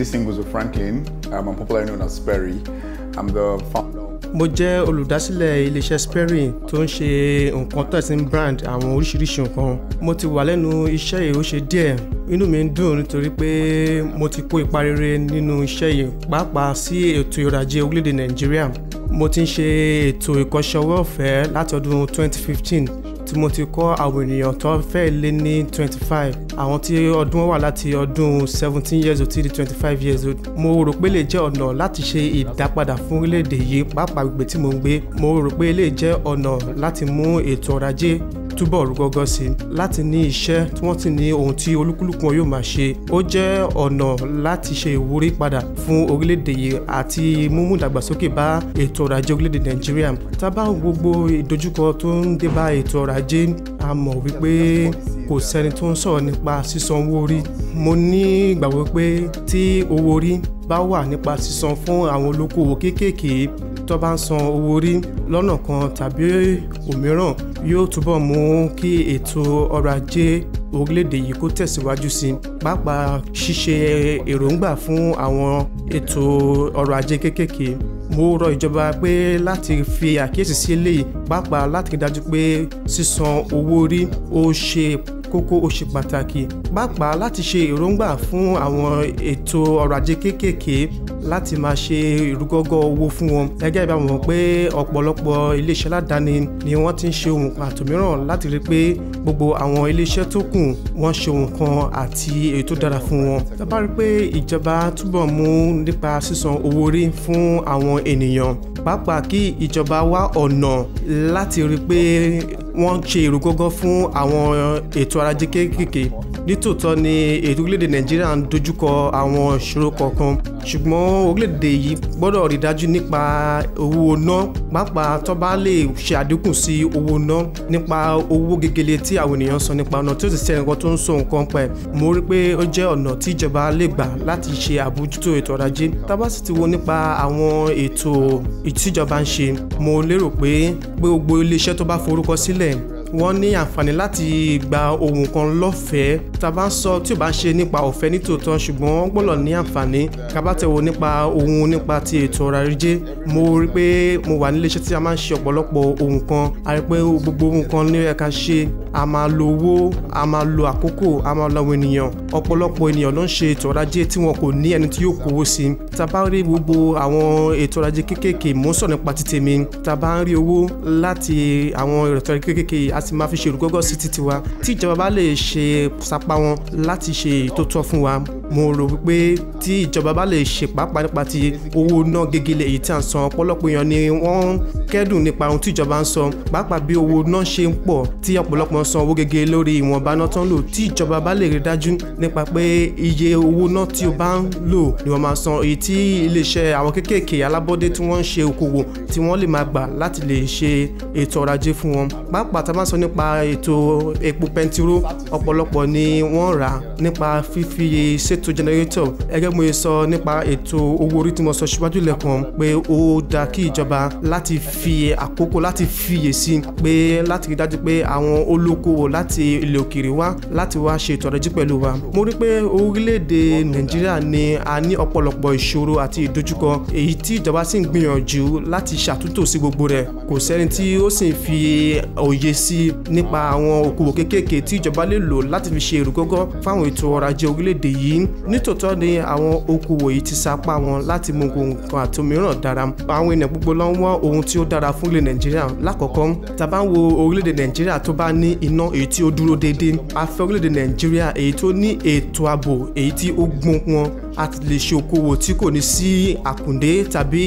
is with Franklin. Um, I'm popularly known as Sperry. I'm the founder. Mo jẹ́ olùdásílẹ̀ iléeṣẹ́ Sperry tó ń ṣe nǹkan tẹ̀sìn brand àwọn oríṣiríṣi nǹkan. Mo ti wà lẹ́nu iṣẹ́ yìí ó ṣe díẹ̀. Inú mi ń dùn nítorí pé mo ti kó ipa rere nínú iṣẹ́ yìí pàápàá sí ètò ìrọ̀ajé orílẹ̀-èdè Nàìjíríà. Mo ti ń ṣe ètò ìkọ́ṣẹ́ ọwọ́ ọ̀fẹ́ láti ọdún 2015 tí mo ti kọ́ àwọn ènìyàn tó fẹ́ lé ní twenty five àwọn tí ọdún wà láti ọdún seventeen years old till twenty five years old mo rò pé lè jẹ́ ọ̀nà láti ṣe ìdápadà fún orílẹ̀-èdè yìí pàápàá gbé tí mo ń gbé mo rò pé lè jẹ́ ọ̀nà láti mú ètò ọrọ̀ ajé túbọ̀ rú gọ́gọ́ sí láti ní iṣẹ́ tí wọ́n ti ní ohun tí olúkúlùkù wọn yóò máa ṣe ó jẹ́ ọ̀nà láti ṣe ìwúrí padà fún orílẹ̀-èdè yìí àti múmú ìdàgbàsókè bá ètò ọrọ̀ ajé orílẹ̀-èdè nàìjíríà tá bá gbogbo ìdojúkọ tó ń dé bá ètò ọrọ̀ ajé a mọ̀ wípé kò sẹ́ni tó ń sọ̀rọ̀ nípa sísan owó orí mo ní ìgbàgbọ́ pé tí owó orí bá wà nípa sísan fún àwọn olókoòwò kéékèèké tó bá ń san owó orí lọ́nà kan tàbí òmíràn yóò túbọ̀ mú kí ètò ọrọ̀ ajé orílẹ̀-èdè yìí kó tẹ̀síwájú sí i pàápàá ṣíṣe èròǹgbà fún àwọn ètò ọrọ̀ ajé kéékèèké mo rọ ìjọba pé láti fi àkíyèsí sí eléyìí pàápàá láti rí dájú pé sísan owó orí ó ṣe kókó ó ṣe pàtàkì pàápàá láti ṣe èròǹgbà fún àwọn ètò ọrọ̀ ajé kéékèèké láti máa ṣe ìrúgọ́gọ́ owó fún wọn gẹ́gẹ́ bí a mọ̀ pé ọ̀pọ̀lọpọ̀ iléeṣẹ́ aládàáni ni wọ́n ti ń ṣe ohun kan àtòmíràn láti rí pé gbogbo àwọn iléeṣẹ́ tó kù wọ́n ṣe ohun kan àti èyí tó dára fún wọn. tá bá rí pé ìjọba túbọ̀ mú nípa sísan owó orí fún àwọn ènìyàn pàápàá kí ìjọba wá ọ̀nà láti rí i pé wọ́n ń ṣe ìrúgọ́gọ́ fún àwọn ètò ọrọ̀ ajé kéékèèké nítòótọ́ ni ètò orílẹ̀-èdè nàìjíríà ń dojúkọ àwọn ìṣòro kọ̀ọ̀kan ṣùgbọ́n orílẹ̀-èdè yìí gbọ́dọ̀ rí dájú nípa owó ná pàápàá tó bá lè ṣe àdínkù sí owó ná nípa owó gegele tí àwọn ènìyàn san nípa ọ̀nà tí ó sì ṣe nǹkan tó ń so nǹkan pẹ̀ mo rí pé ó jẹ́ ọ̀nà tí ìjọba lè gbà láti ṣe àbójútó ètò ọrọ̀ ajé tá bá sì ti wo nípa àwọn ètò ìtìjọba ń ṣe mo lérò pé gbogbo iléeṣẹ́ tó bá forúkọ sílẹ̀ wọ́n ní àǹfààní láti gba ohun kan lọ́fẹ̀ẹ́ tá a bá ń sọ tí ò bá ń ṣe nípa ọ̀fẹ́ nítòótọ́ ṣùgbọ́n wọ́n gbọ́dọ̀ ní àǹfààní kábàtẹ̀wò nípa ohun nípa ti ètò ọrọ̀ ajé mo rí pé mo wà nílé iṣẹ́ tí a máa ń ṣe ọ̀pọ̀lọpọ̀ ohun kan a rí pé gbogbo ohun kan ní ẹ̀ka ṣe a máa lo owó a máa lo àkókò a máa lo àwọn ènìyàn ọ̀pọ̀lọpọ̀ ènìyàn ló ń ṣe ètò ọrọ̀ ajé tí wọn kò ní ẹni tí yóò kówó sí tá bá rí gbogbo àwọn ètò ọrọ̀ ajé kéékèèké mò nípa títèmi tá bá ń rí owó láti àwọn ètò ọrọ̀ ajé kéékèèké láti máa fi ṣe olùgọ́gọ́ sí títí wa tí ìjọba bá lè ṣe sapá wọn láti ṣe ètò tọ́ fún wa mo rò wípé tí ìjọba bá lè ṣe pàápàá nípa ti owó náà gegele èyí tí à ń san ọ̀pọ̀lọpọ̀ èèyàn ni wọ́n ń kẹ́dùn nípa ohun tí ìjọba ń san pàápàá bí owó náà ṣe ń pọ̀ tí ọ̀pọ̀lọpọ̀ san owó gegele lórí ìwọ̀nba náà tán lò tí ìjọba bá lè rí dájú nípa pé iye owó náà tí o bá ń lò ni wọ́n máa san èyí tí iléeṣẹ́ àwọn kéékèèké alábọ́dé tí wọ́n ń ṣe okòwò tí wọ́n lè máa gbà láti lè ṣe ètò ọrọ̀ ajé fún wọn pàápàá tá a bá sọ nípa ètò epo pẹntiró ọ̀pọ̀lọpọ̀ ni wọ́n rà nípa fífi ṣètò ètò generator ẹgẹ́ mo sọ nípa ètò owó orí tí mo sọ síwájú lẹ́kàn pé ó dáa kí ìjọba láti fi àkókò láti fiyè sí pé láti rí dájú pé àwọn olókoòwò láti ilẹ̀ òkèèrè wá láti wá ṣe ètò ọ̀rẹ́jì pẹ̀lú wa mo rí pé orílẹ̀-èdè nàìjíríà ni a ní ọ̀pọ̀lọpọ̀ ìṣòro àti ìdojúkọ èyí tí ìjọba sì ń gbìyànjú láti ṣàtúntò sí gbogbo rẹ̀ kò sẹ́ni tí ó sì ń fi òye sí nípa àwọn òkòwò kéékèèké tí ìjọba lè lò láti fi ṣe èrò gógó fáwọn ètò ọrọ̀ ajé orílẹ̀-èdè yìí nítòótọ́ ni àwọn okòwò yìí ti sapá wọn láti mú nǹkan àtòmíràn dára àwọn ènìyàn gbogbo ló ń wá ohun tí ó dára fún ilẹ̀ nàìjíríà lákọ̀ọ́kọ́ tá ń wo orílẹ̀-èdè nàìjíríà tó bá ní iná èyí tí ó dúró déédéé a fẹ́ orílẹ̀-èdè nàìjíríà èyí tó ní ètò ààbò èyí tí ó gbọ́n wọn a ti lè ṣe okòwò tí kò ní sí àkùndé tàbí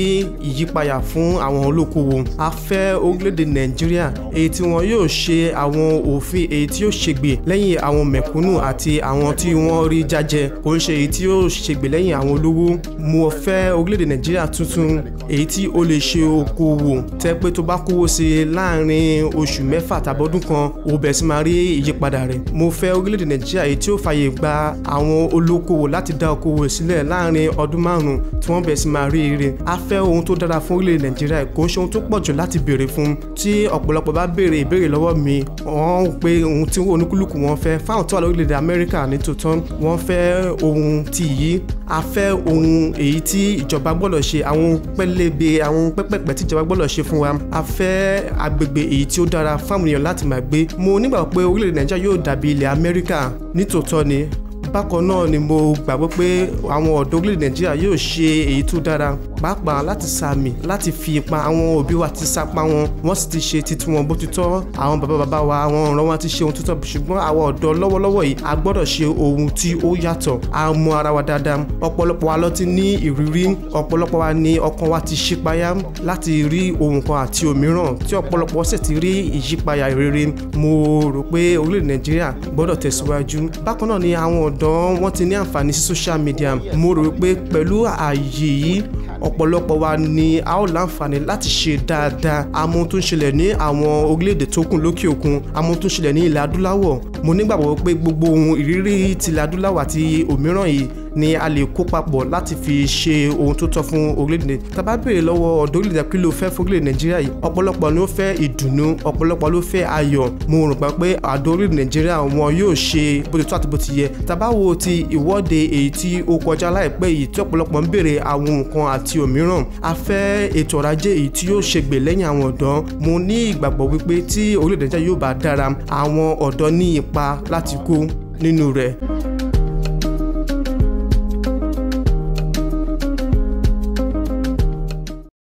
ìyípayà fún àwọn olókòwò a fẹ́ orílẹ̀-èdè nàìjíríà èyí tí wọn yóò ṣe àwọn òfin èyí tí yóò ṣègbè lẹ́yìn àwọn mẹ̀kúnnù àti àwọn tí wọ́n rí jájẹ k kò ń ṣe èyí tí yóò ṣègbè lẹ́yìn àwọn olówó mo fẹ́ orílẹ̀-èdè nàìjíríà tuntun èyí tí ó lè ṣe okòwò tẹ́ pé tó bá kówó ṣe láàrin oṣù mẹ́fà tàbọ́dún kan ò bẹ̀rẹ̀ sí máa rí ìyípadà rẹ̀ mo fẹ́ orílẹ̀-èdè nàìjíríà èyí tí ó fàyè gba àwọn olókòwò láti dá okòwò sílẹ̀ láàrin ọdún márùn-ún tí wọ́n bẹ̀rẹ̀ sí máa rí ire a fẹ́ ohun tó dára fún orílẹ̀-èdè nàìjíríà kò ń ṣe ohun tó pọ̀ jù láti béèrè fún tí ọ̀pọ̀lọpọ̀ bá béèrè ìbéèrè lọ́wọ́ mi wọ́n pe ohun tí oníkúlùkù wọn fẹ́ fáwọn tó wà lórílẹ̀-èdè amẹ́ríkà ní tòótọ́ wọ́n fẹ́ ohun ti yìí a fẹ́ ohun èyí tí ìjọba gbọ́dọ̀ ṣe àwọn pẹlẹbẹ àwọn pẹpẹpẹ tí ìjọba gbọ́dọ̀ ṣe fún wa a fẹ́ agbègbè èyí tí ó dára fáwọn èèyàn láti máa gbé mo nígbà pé orílẹ̀-èdè nàìjíríà yóò dàbí ilẹ̀ amẹ́ríkà nítòótọ́ ni bákan náà ni mo gbàgbọ́ pé àwọn ọ̀dọ́ orílẹ̀-èdè nàìjíríà yóò ṣe èyí tó dára pàápàá láti sàmì láti fi ipa àwọn òbí wa ti sapá wọn wọ́n sì ti ṣe titi wọn bó ti tọ́ àwọn bàbá bàbá wa àwọn ọ̀ràn wa ti ṣe ohun tó tọ́ ṣùgbọ́n àwọn ọ̀dọ́ lọ́wọ́lọ́wọ́ yìí a gbọ́dọ̀ ṣe ohun tí ó yàtọ̀ a mọ ara wa dáadáa ọ̀pọ̀lọpọ̀ wa ló ti ní ìrírí ọ̀pọ̀lọpọ̀ wa ni ọkàn wa ti ṣípayá láti rí ohun kan àti òmíràn tí ọ̀pọ̀lọpọ̀ sì ti rí ìyípayà rere mo rò pé orílẹ̀-èdè nàìjíríà gbọ́dọ̀ tẹ̀síwájú bákan náà ni àwọn ọ̀dọ́ wọn ti ní àǹfààní sí social media mo rò wípé pẹ̀lú ààyè yìí ọ̀pọ̀lọpọ̀ wa ni a ó láǹfààní láti ṣe dáadáa àmọ́ tó ń ṣẹlẹ̀ ní àwọn orílẹ̀-èdè tó kù lókè òkun àmọ́ tó ń ṣẹlẹ̀ ní ilẹ̀ adúláwọ̀ mo nígbàgbọ́ pé gbogbo ohun ìrírí ti ilẹ̀ adúláwọ̀ àti òmíràn yìí ni a lè kó papọ̀ láti fi ṣe ohun tó tọ́ fún orílẹ̀-èdè tàbá béèrè lọ́wọ́ ọ̀dọ́ orílẹ̀-èdè kí ló fẹ́ fún orílẹ̀-èdè nàìjíríà yìí ọ̀pọ̀lọpọ̀ ló fẹ́ ìdùnnú ọ̀pọ̀lọpọ̀ ló fẹ́ ayọ̀ mo rò pé àdó orílẹ̀-èdè nàìjíríà wọn yóò ṣe bó ti tó àti bó ti yẹ tàbá wo ti ìwọ́de èyí tí ó kọjá láìpẹ́ yìí tí ọ̀pọ̀lọpọ̀ ń béèrè àwọn nǹkan àti òmíràn a fẹ́ ètò ọrọ̀ ajé èyí tí yóò ṣe gbè lẹ́yìn àwọn ọ̀dọ́ mo ní ìgbàgbọ́ wípé tí orílẹ̀-èdè nàìjíríà yóò bá dára àwọn ọ̀dọ́ ní ipa láti kó nínú rẹ̀.